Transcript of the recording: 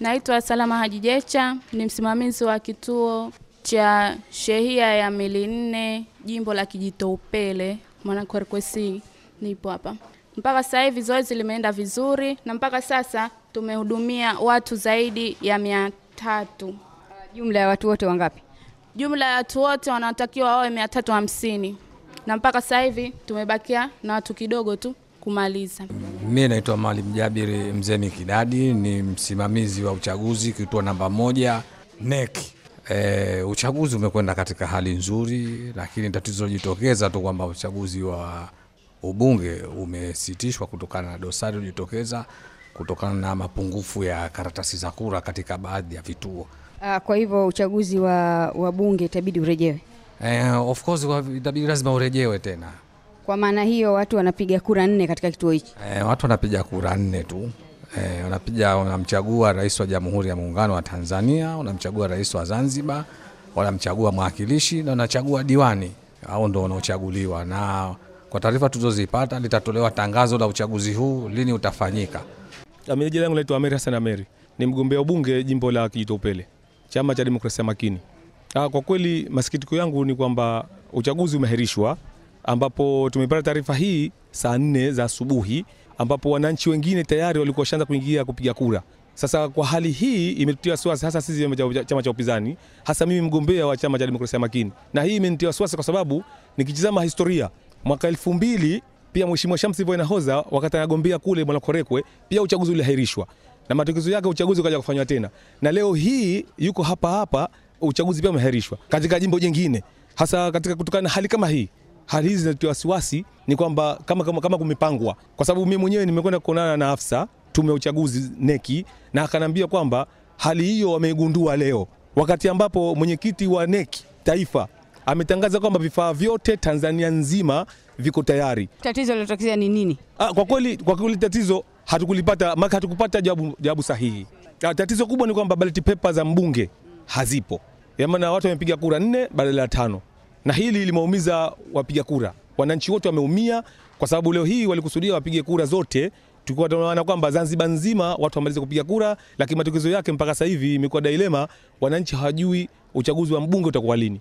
Naitwa Salama Haji Jecha, ni msimamizi wa kituo cha shehia ya mili nne jimbo la Kijitoupele Mwanakwerekwesi. Nipo hapa mpaka sasa hivi, zoezi limeenda vizuri na mpaka sasa tumehudumia watu zaidi ya mia tatu. Jumla ya watu wote wangapi? Jumla ya watu wote wanatakiwa wawe mia tatu hamsini na mpaka sasa hivi tumebakia na watu kidogo tu kumaliza. Mimi naitwa Maalim Jabiri Mzemi Kidadi, ni msimamizi wa uchaguzi kituo namba moja NEC. E, uchaguzi umekwenda katika hali nzuri, lakini tatizo jitokeza tu kwamba uchaguzi wa ubunge umesitishwa kutokana na dosari uliotokeza kutokana na mapungufu ya karatasi za kura katika baadhi ya vituo. Ah, kwa hivyo uchaguzi wa wabunge itabidi urejewe. Eh, of course itabidi lazima urejewe tena. Kwa maana hiyo watu wanapiga kura nne katika kituo hichi e, watu wanapiga kura nne tu e, wanapiga, wanamchagua rais wa Jamhuri ya Muungano wa Tanzania, wanamchagua rais wa Zanzibar, wanamchagua mwakilishi na wanachagua diwani. Hao ndo wanaochaguliwa, na kwa taarifa tulizozipata litatolewa tangazo la uchaguzi huu lini utafanyika. Jina langu naitwa Ameri Hassan Ameri, ni mgombea ubunge jimbo la Kijitopele, chama cha demokrasia makini. Ah, kwa kweli masikitiko yangu ni kwamba uchaguzi umeahirishwa ambapo tumepata taarifa hii saa nne za asubuhi, ambapo wananchi wengine tayari walikuwa washaanza kuingia kupiga kura. Sasa kwa hali hii imetutia wasiwasi hasa sisi chama cha upinzani, hasa mimi mgombea wa chama cha demokrasia makini, na hii imenitia wasiwasi kwa sababu nikitizama historia mwaka elfu mbili pia Mheshimiwa Shamsi Voinahoza wakati anagombea kule Mwanakorekwe pia uchaguzi uliahirishwa, na matokeo yake uchaguzi ukaja kufanywa tena, na leo hii yuko hapa hapa, uchaguzi pia umeahirishwa katika jimbo jingine, hasa katika kutokana na hali kama hii hali hizi zinatutia wasiwasi ni kwamba kama, kama, kama kumepangwa, kwa sababu mimi mwenyewe nimekwenda kuonana na afisa tume ya uchaguzi neki na akanambia kwamba hali hiyo wameigundua leo, wakati ambapo mwenyekiti wa neki taifa ametangaza kwamba vifaa vyote Tanzania nzima viko tayari. Tatizo lilotokea ni nini? Ah, kwa kweli kwa kweli tatizo hatukulipata maka hatukupata jawabu, jawabu sahihi. Ah, tatizo kubwa ni kwamba ballot paper za mbunge hazipo, yaani, maana watu wamepiga kura nne badala ya tano na hili limeumiza wapiga kura. Wananchi wote wameumia, kwa sababu leo hii walikusudia wapige kura zote tukiwa tunaona kwamba Zanzibar nzima watu wamalize kupiga kura, lakini matokeo yake mpaka sasa hivi imekuwa dilema. Wananchi hawajui uchaguzi wa mbunge utakuwa lini.